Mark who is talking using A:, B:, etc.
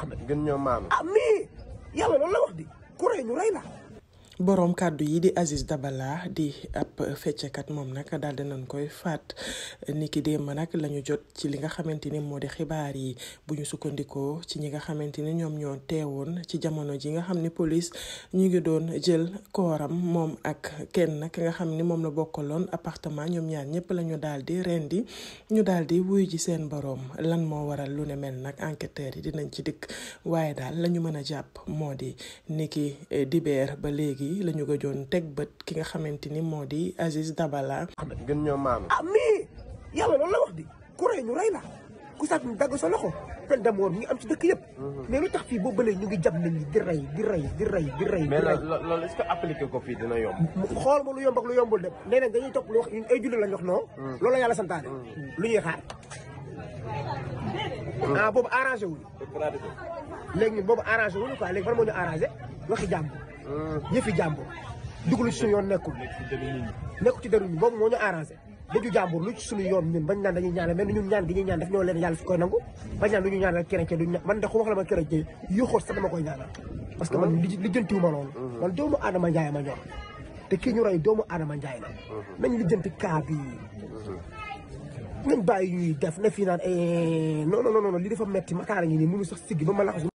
A: Ahmed gën ñoo maanu.
B: ah mais yàlla loolu la wax di ku rey ñu rey
A: boroom kàddu yi di Aziz Dabala di ab feccekat moom nag daal di nañ koy faat niki démb nag la ñu jot ci li nga xamante ni moo di xibaar yi bu ñu sukkandikoo ci ñi nga xamante ni ñoom ñoo teewoon ci jamono ji nga xam ni police ñu ngi doon jël kooram moom ak kenn nag nga xam ni moom la bokkaloon appartement ñoom ñaar ñëpp la ñu daal di rendi ñu daal di wuyu ji seen boroom lan moo waral lu ne mel nag enquêteurs yi dinañ ci dikk waaye daal lañu mën a jàpp moo di niki dibeer ba léegi. lañu ko joon teg bët ki nga xamanteni moo di Aziz Dabala. gën ñoo maam. ah
B: mais yàlla loolu la
A: wax di ku rey ñu rey la ku sàcc ñu dagg sa loxo peine de mort mi am ci dëkk yëpp. Mhm.
B: mais lu tax fii boo bëlee ñu ngi jam nañ ñi di rey di rey di rey di rey. mais
A: loolu est-ce que appliqué ko
B: fii dina yomb. xool ma lu yomb ak lu yombul dem nee nañ dañuy topp lu wax ñun ay jullit lañ wax non. Mhm. loolu la yàlla santaane. Mhm. lu ñuy xaar. ah boobu arrangé wuñu. léegi ñun boobu arrangé wuñu quoi léegi fan moo ñu arrangé waxi jàmm yëfi jàmbur duglu ci suñu yoon nekkul nekkul ci deruñu boobu moo ñu arrangé dëju jàmbur lu ci suñu yoon ñun bañ naan dañuy ñaanal mel ni ñun ñaan gi ñuy ñaan daf ñoo leen yàlla fi koy nangu bañ naan lu ñu ñaanal chrétien duñ man de xu wax la ma chrétien yu xool sax dama koy ñaanal parce que man lijjantiwuma loolu man doomu aadama njaay ma ñor te kii ñu rey doomu aadama njaay la nañ lijjanti kaa bi
A: nañ bàyyi ñuy def na fii naan eh, non non non li dafa metti makaara ngi nii mënu sax siggi ba ma laxas